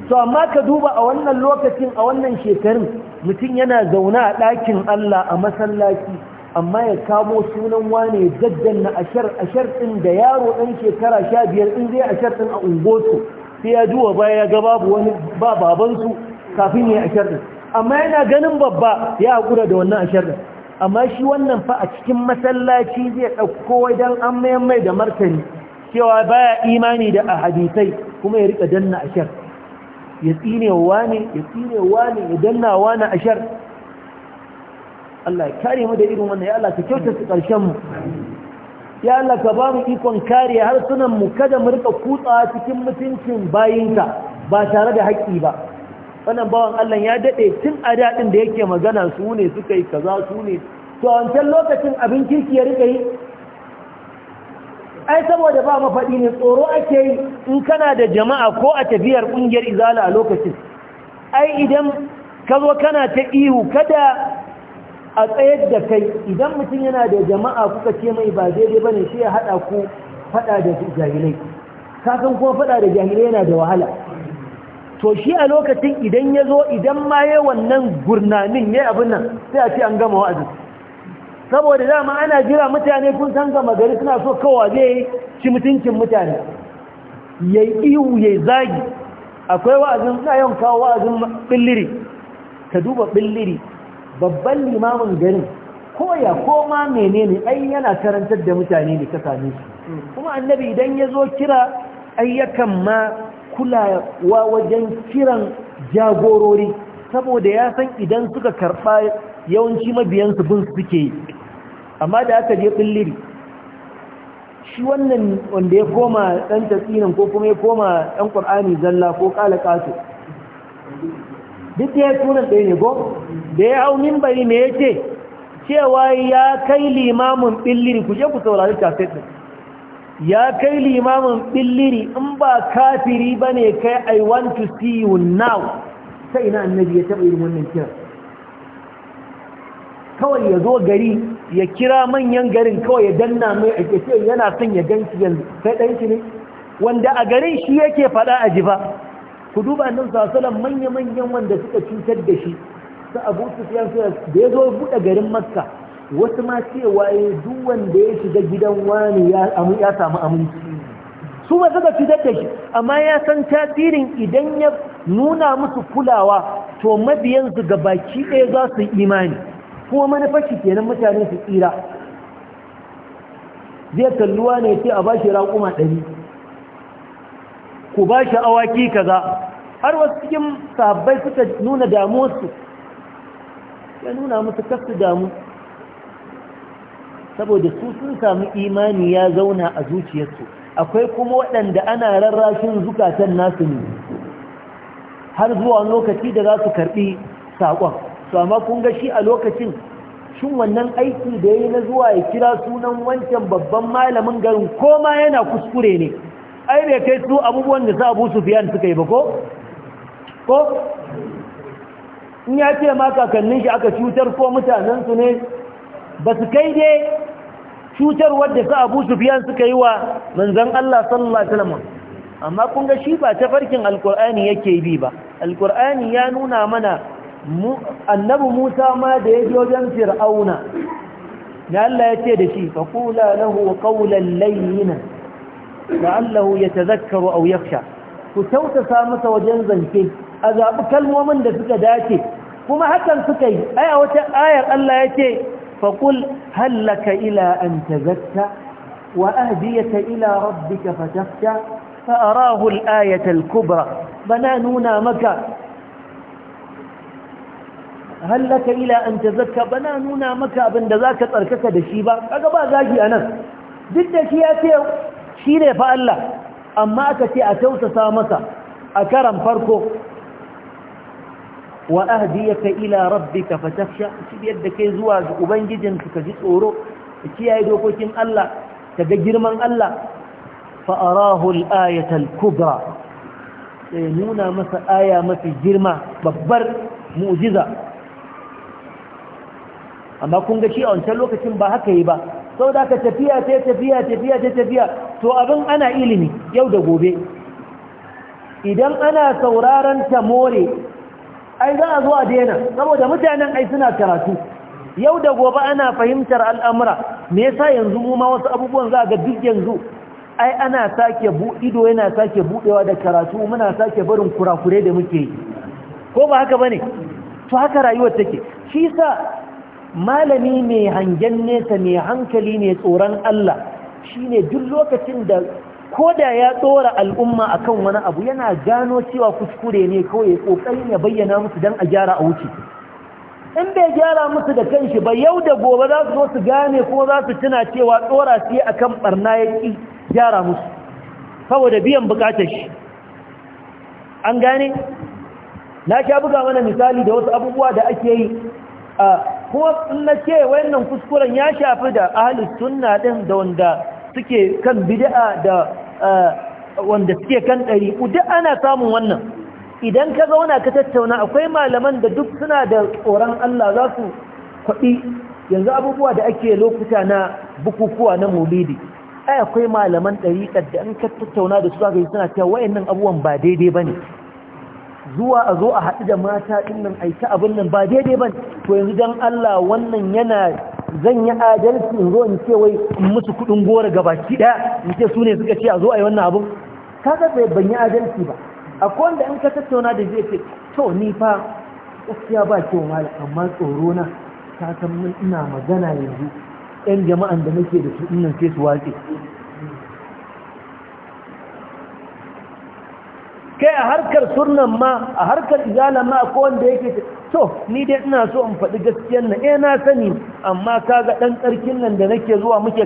to amma ka duba a wannan lokacin a wannan shekarun mutum yana zauna a ɗakin Allah a masallaci amma ya kamo sunan wane ya na ashar ashar ɗin da yaro ɗan shekara sha biyar in zai ashar ɗin a ungosu sai ya duwa baya ga babu wani ba babansu kafin ya ashar ɗin amma yana ganin babba ya haƙura da wannan ashirin amma shi wannan fa a cikin masallaci zai ɗauko wajen an mayan mai da martani cewa baya imani da a hadisai kuma ya riƙa danna ashar ya tsinewa ne ya tsinewa ne ya wa na ashar Allah ya kare mu da irin wannan ya Allah ka kyauta su ƙarshen mu ya Allah ka ba mu ikon kare harsunan mu kada mu riƙa kutsawa cikin mutuncin bayinka ba tare da haƙƙi ba wannan bawan Allah ya daɗe tun a daɗin da yake magana su ne suka yi kaza su ne to a wancan lokacin abin kirki ya rika yi ai saboda ba mafaɗi ne tsoro ake yi in kana da jama'a ko a tafiyar ƙungiyar izala a lokacin ai idan ka zo kana ta ihu kada a tsayar da kai idan mutum yana da jama'a kuka ce mai ba daidai ba ne shi ya haɗa ku faɗa da jahilai kasan kuma faɗa da jahilai yana da wahala to shi a lokacin idan ya zo idan ma ya wannan gurnanin ya abin nan sai a ce an gama wa'azi saboda dama ana jira mutane kun san gama gari suna so kawa zai ci mutuncin mutane ya yi ihu ya zagi akwai wa'azin suna yawan kawo wa'azin billiri ka duba billiri babban limamin garin koya ko ma menene ai yana karantar da mutane ne ka same su mm. kuma annabi idan ya zo kira ayyakan ma kulawa wajen kiran jagorori saboda ya san idan suka karɓa yawanci mabiyansu bin suke yi amma da aka je ɓilliri shi wannan wanda ya koma ɗan tatsinin ko kuma ya koma ɗan ƙwar'ani zalla ko ƙala ƙato duk ya tunan ɗaya ne ko da ya hau mimbari me ya ce cewa ya kai limamin ɓilliri ku je ku saurari tafet ɗin ya kai limamin billiri in ba kafiri ba ne kai i want to see you now sai ina annabi ya taɓa irin wannan kiran kawai ya zo gari ya kira manyan garin kawai ya danna mai a ce yana son ya ganci yanzu kai ɗan shi ne wanda a garin shi yake faɗa a ji ku duba nan sasalan manya-manyan wanda suka cutar da shi su abu su da ya zo buɗe garin makka wasu ma cewa ya eh, duk wanda ya shiga gidan wani ya samu aminci su ba suka cutar da shi amma ya san tasirin idan ya nuna musu kulawa to mabiyansu ga baki ɗaya za su yi imani kuma manufar shi kenan mutane su tsira zai kalluwa ne sai a bashi raƙuma ɗari ku bashi awaki kaza har wasu cikin sahabbai suka nuna damuwarsu ya nuna musu kasu damu saboda su sun samu imani ya zauna a zuciyarsu akwai kuma waɗanda ana rarrashin zukatan nasu ne har zuwa lokaci da za su karɓi saƙon su amma kun ga shi a lokacin shin wannan aiki da ya yi na zuwa ya kira sunan wancan babban malamin garin ko ma yana kuskure ne ai bai kai su abubuwan da su abu sufiyan suka yi ba ko? ko? in ya ce ma kakannin shi aka cutar ko mutanensu ne ba su kai dai cutarwar da su abu biyan suka yi wa manzan Allah sallallahu alaihi wasallam amma kun ga shi ba tafarkin alkur'ani yake bi ba alkur'ani ya nuna mana annabi Musa ma da ya wajen fir'auna Na Allah ya ce da shi faqula lahu qawlan layyina la'allahu yatadhakkaru aw yakhsha ku tautasa masa wajen zance a zaɓi kalmomin da suka dace kuma hakan suka yi ai a wata ayar Allah ya ce فقل هل لك إلى أن تزكى وأهديك إلى ربك فتخشى فأراه الآية الكبرى بنانونا مكة هل لك إلى أن تزكى بنانونا مكة بن ذاك تركك دشيبا أقبا ذاكي أنا شيء شيئتي شيري فألا أما أكتي أتوت سامسا أكرم فرقه wa ahdiyaka ila rabbika fatakhsha yadda kai zuwa ubangijin ubangijinka ka ji tsoro ka kiyaye dokokin Allah kaga ga girman Allah fa arahu al-ayata al-kubra sai nuna masa aya mafi girma babbar mu'jiza amma kun ga shi a wancan lokacin ba haka yi ba da ka tafiya ta tafiya tafiya ta tafiya to abin ana ilimi yau da gobe idan ana sauraron ta more ai za a zo a daina saboda mutanen ai suna karatu yau da gobe ana fahimtar al'amura me yasa yanzu mu ma wasu abubuwan za ga duk yanzu ai ana sake bu ido yana sake budewa da karatu muna sake barin kurakure da muke yi ko ba haka bane to haka rayuwar take shi sa malami mai hangen nesa mai hankali ne tsoron Allah shine duk lokacin da ko da ya tsora al'umma akan wani abu yana gano cewa kuskure ne kawai kokarin ya bayyana musu dan a gyara a wuce in bai gyara musu da kanshi ba yau da gobe za su zo su gane ko za su tuna cewa tsora su yi akan barna ya ki gyara musu saboda biyan bukatar shi an gane na sha buga mana misali da wasu abubuwa da ake yi a kuma na ce wayannan kuskuren ya shafi da ahalus sunna din da wanda suke kan bid'a da eh, wanda suke kan ɗari duk ana samun wannan idan ka zauna ka tattauna akwai malaman da duk suna da tsoron Allah za su kwaɗi yanzu abubuwa da ake lokuta na bukukuwa na mulidi ai akwai malaman kad da an ka tattauna da su a suna cewa wayannan abubuwan ba daidai ba ne zuwa a zo a haɗu da mata ɗin nan aita abin nan ba daidai ba to yanzu don Allah wannan yana zan yi adalci in zo in ce wai in musu kuɗin gora ga baki daya in ce su ne suka ce a zo a yi wannan abin ka ga bai ban yi adalci ba akwai wanda in ka tattauna da zai ce to ni fa gaskiya ba kyau mala amma tsoro na ka san mun ina magana yanzu yan jama'an da nake da su nan sai su watse kai a harkar surnan ma a harkar izalan ma akwai wanda yake to ni dai ina so in faɗi gaskiyar na, eh na sani amma kaga ɗan tsarkin nan da nake zuwa muke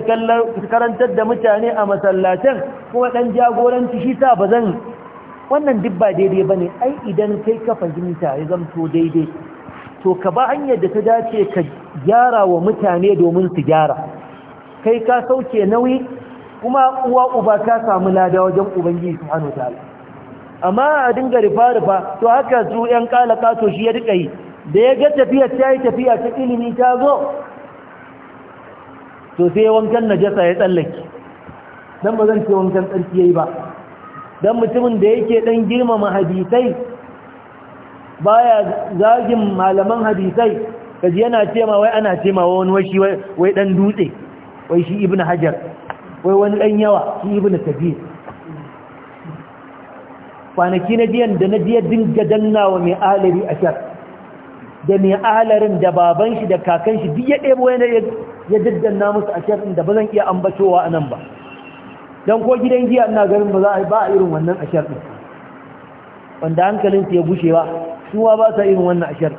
karantar da mutane a masallacin kuma dan jagoranci shi ta bazan wannan duk ba daidai bane ai idan kai ka fahimta ya zamto daidai to ka ba hanyar da ta dace ka gyara wa mutane domin su gyara kai ka sauke nauyi kuma uwa uba ka samu lada wajen ubangiji subhanahu wataala amma a dinga rufa-rufa to haka su ‘yan kalaka to shi ya duka yi da ya ga tafiya ta yi tafiya ta ilimi ta zo to sai wankan najasa ya tsallake don ba zan ce wankan tsarki ya yi ba don mutumin da yake ɗan girmama hadisai baya zagin malaman hadisai kaji yana cema wai ana cema wani washi wai ɗan dutse wai shi ibn hajar wai wani ɗan yawa shi ibn kabir kwanaki na jiyan da na jiya dinga dannawa mai alari a shar da mai alarin da baban shi da kakan shi duk ya ɗebo yana ya daddanna musu a shar da ba zan iya ambacowa a nan ba don ko gidan giya ina garin ba za a yi ba a irin wannan a shar wanda hankalinsu ya ba, suwa ba sa irin wannan a shar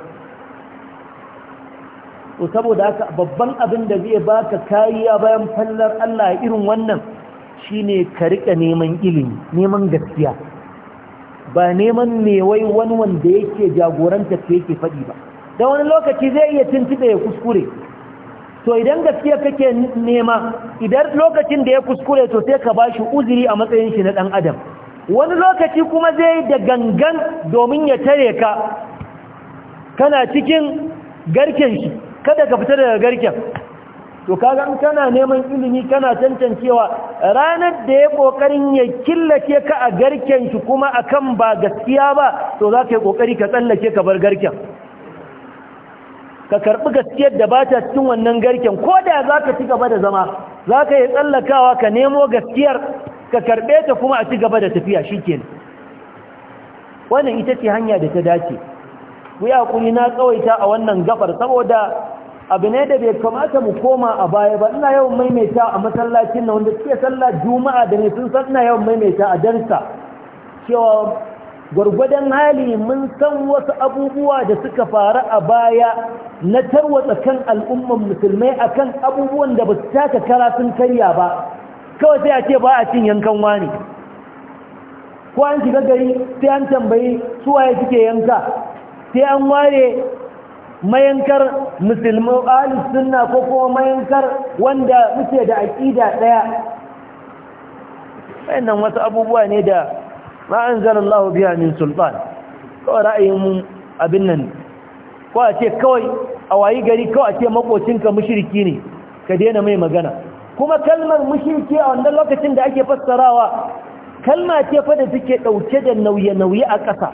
to saboda haka babban abin da zai baka kariya bayan fallar Allah irin wannan shine ka rika neman ilimi neman gaskiya ba neman ne wai wani wanda yake jagoranta ke yake faɗi ba da wani lokaci zai iya tuntuɓe ya kuskure to idan gaskiya kake nema idan lokacin da ya kuskure to sai ka ba shi uzuri a matsayin shi na ɗan adam wani lokaci kuma zai yi da gangan domin ya tare ka kana cikin garken shi kada ka fita daga garken to kaga in kana neman ilimi kana tantancewa ranar da ya kokarin ya killace ka a garken shi kuma akan ba gaskiya ba to za ka yi kokari ka tsallake ka bar garken ka karbi gaskiyar da bata ta cikin wannan garken ko da za ka ci gaba da zama za ka yi tsallakawa ka nemo gaskiyar ka karbe ta kuma a ci gaba da tafiya shi wannan ita ce hanya da ta dace ku yi na tsawaita a wannan gafar saboda abu ne da bai kamata mu koma a baya ba ina yawan maimaita a masallacin na wanda suke sallah juma'a da ne sun san ina yawan maimaita a darsa cewa gwargwadon hali mun san wasu abubuwa da suka faru a baya na tarwatsa kan al'umman musulmai akan abubuwan da ba su taka kara sun karya ba kawai sai a ce ba a cin yankan wani ko an shiga gari sai an tambayi suwaye suke yanka sai an ware mayankar musulman ali sunna ko kuma mayankar wanda muke da aqida ɗaya. wayannan wasu abubuwa ne da ma anzalallahu biya min sultan ko ra'ayin abin nan ko a ce kawai a wayi gari kawai a ce makocinka mushriki ne ka daina mai magana kuma kalmar mushriki a wannan lokacin da ake fassarawa kalma ce fa da take dauke da nauye-nauye a ƙasa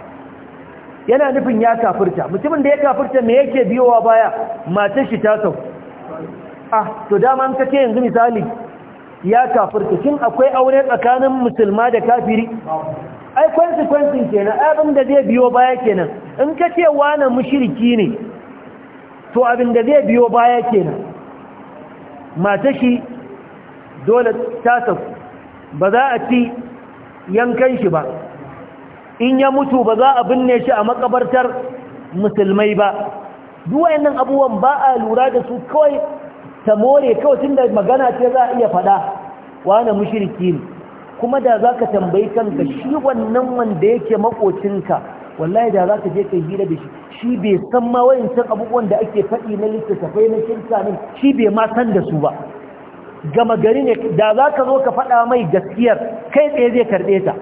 yana nufin ya kafirta mutumin da ya kafirta me yake biyowa baya matar shi ta sau ah to dama an kace yanzu misali ya kafirta shin akwai aure tsakanin musulma da kafiri ai consequences kenan abin da zai biyo baya kenan in kace wani mushriki ne to abin da zai biyo baya kenan matar shi dole ta sau ba za a ci yankan shi ba in ya mutu ba za a binne shi a makabartar musulmai ba duk wayannan abubuwan ba a lura da su kawai ta more kawai tun da magana ce za a iya faɗa wane mushriki ne kuma da za tambayi kanka shi wannan wanda yake makocinka wallahi da za ka je ka hira da shi shi bai san ma wayancan abubuwan da ake faɗi na littattafai na shirka ne shi bai ma san da su ba gama gari ne da zaka zo ka faɗa mai gaskiyar kai tsaye zai karɓe ta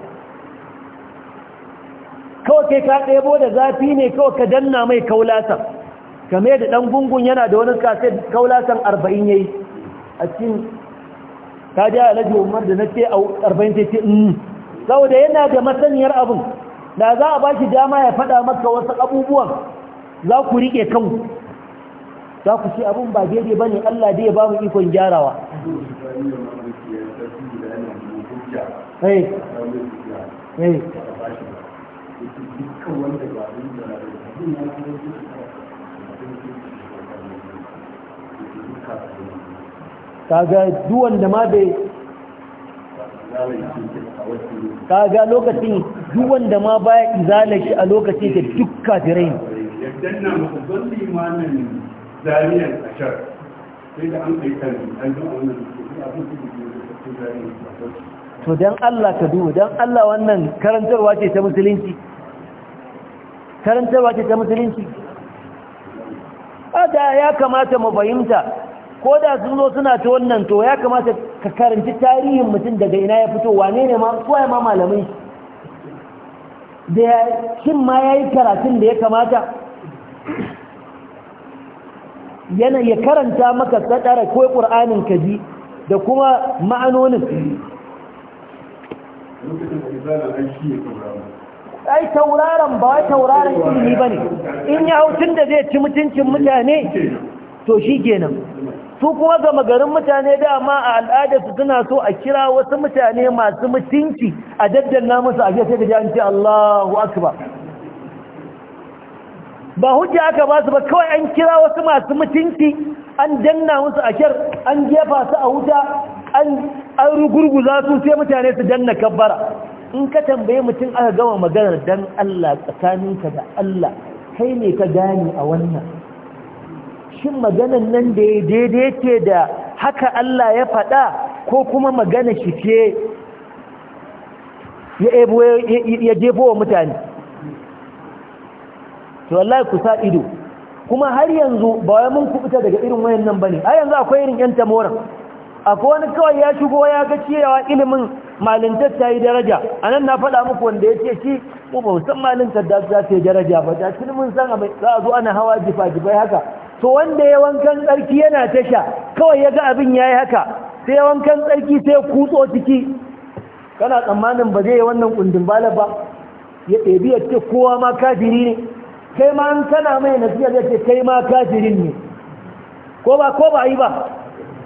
kai ka ɗebo da zafi ne kawai ka danna mai kaulatan game da ɗan gungun yana da wani kasa kaulatan arba'in ya yi a cikin ta ji alaji umar da na ce a arba'in ta ce mm. saboda yana da masaniyar abin da za a ba shi dama ya faɗa maka wasu abubuwan za ku riƙe kanku za ku ce abin ba daidai ba ne allah dai ya ba mu ikon gyarawa Hey. Eh. Eh. Hey. dukkan wanda da kaga ma bai kaga lokacin duwan da ma baya izala shi a lokaci da duk kafirai to dan Allah ka duwa dan Allah wannan karantarwa ce ta musulunci karantarwa ce ta musulunci ada ya kamata mu fahimta ko da sun zo suna ta wannan to ya kamata ka karanci tarihin mutum daga ina ya fito wane ne ma ma malamai da shin ma ya yi karatun da ya kamata yana ya karanta maka sadara ko ƙur'anin ka ji da kuma ma'anonin ai tauraron ba wai tauraron ilimi ba ne in ya hautun da zai ci mutuncin mutane to shi kenan su kuma gama garin mutane dama a al'adarsu suna so a kira wasu mutane masu mutunci a daddanna musu a sai da an ce Allahu akbar ba hujja aka ba su ba kawai an kira wasu masu mutunci an danna musu a kyar an jefa su a wuta an rugurguza su sai mutane su danna kabbara in ka tambaye mutum aka gama maganar dan Allah tsakaninka da Allah kai ne ka gane a wannan shin maganar nan da ya daidai ce da haka Allah ya faɗa ko kuma magana shi ce ya jefo wa mutane to kusa ku sa ido kuma har yanzu ba wai mun kubuta daga irin wayannan bane har yanzu akwai irin yan tamoran akwai wani kawai ya shigo ya ga cewa ilimin malintar ta yi daraja a nan na faɗa muku wanda ya ce shi mu ba san malintar da za ta yi daraja ba da mun san za a zo ana hawa jifa-jifai haka to wanda ya wankan tsarki yana tasha kawai ya ga abin ya yi haka sai ya wankan tsarki sai ya kutso ciki kana tsammanin ba zai yi wannan kundin bala ba ya ɗebi ya ce kowa ma kafiri ne kai ma an kana mai nasiyar ya ce kai ma kafirin ne ko ba ko ba yi ba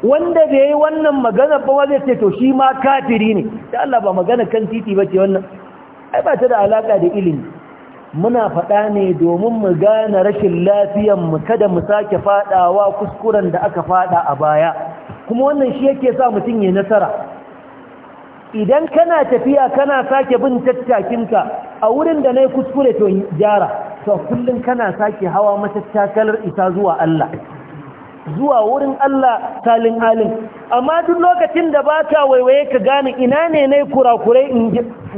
wanda bai yi wannan magana ba zai ce to shi ma kafiri ne ta Allah ba magana kan titi ba ce wannan ai ba ta da alaka da ilimi muna faɗa ne domin mu gane rashin lafiyar mu kada mu sake faɗawa kuskuren da aka faɗa a baya kuma wannan shi yake sa mutum ya nasara idan kana tafiya kana sake bin tattakinka a wurin da na yi kuskure to gyara to kullum kana sake hawa matattakalar isa zuwa Allah zuwa wurin Allah salin halin amma duk lokacin da ba ka waiwaye ka gane ina ne na yi kurakurai in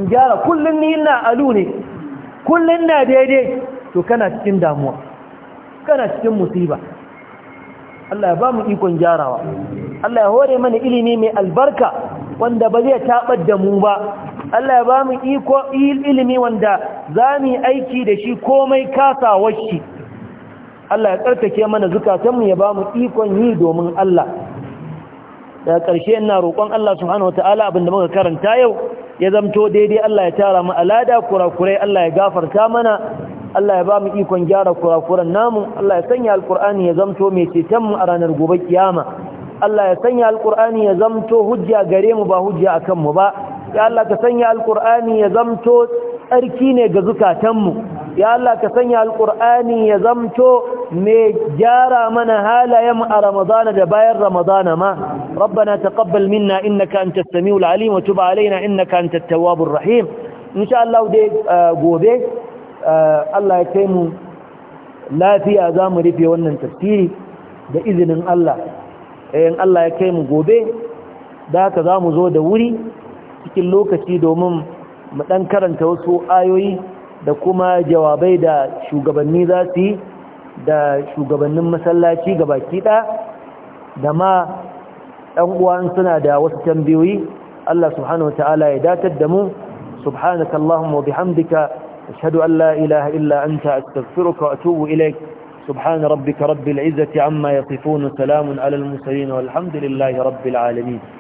gyara kullum ni na alu ne kullum na daidai to kana cikin damuwa kana cikin musiba Allah ya ba mu ikon gyarawa Allah ya hore mana ilimi mai albarka wanda ba zai taɓar da mu ba Allah ya ba mu iko ilimi wanda za mu yi aiki da shi komai kasawa shi Allah ya tsarkake mana zukatanmu ya ba mu ikon yi domin Allah daga ƙarshe ina roƙon Allah subhanahu wataala abinda muka karanta yau ya zamto daidai Allah ya tara mu alada kurakurai Allah ya gafarta mana Allah ya ba mu ikon gyara kurakuran namu Allah ya sanya Alƙur'ani ya zamto mai ceton mu a ranar gobe kiyama Allah ya sanya Alƙur'ani ya zamto hujja gare mu ba hujja akan mu ba ya Allah ka sanya alkur'ani ya zamto tsarki ne ga zukatanmu ya Allah ka sanya alqur'ani ya zamto mai gyara mana halayen a ramadana da bayan ramadana ma rabbana taqabbal minna innaka antas samiul alim wa tub alaina innaka antat tawwabur rahim insha Allah dai eh, gobe eh, Allah ya kai mu lafiya za mu rufe wannan tafsiri da izinin Allah eh, in Allah ya kai mu gobe da haka za mu zo da wuri cikin lokaci domin mu ɗan karanta wasu ayoyi da kuma jawabai da shugabanni za su yi da shugabannin masallaci ga baki da ma ɗan uwan suna da wasu tambayoyi Allah subhanahu wataala ya datar da mu subhanaka allahumma wa bihamdika ashhadu an la ilaha illa anta astaghfiruka wa atubu ilaik subhana rabbika rabbil izzati amma yasifun salamun alal mursalin walhamdulillahi rabbil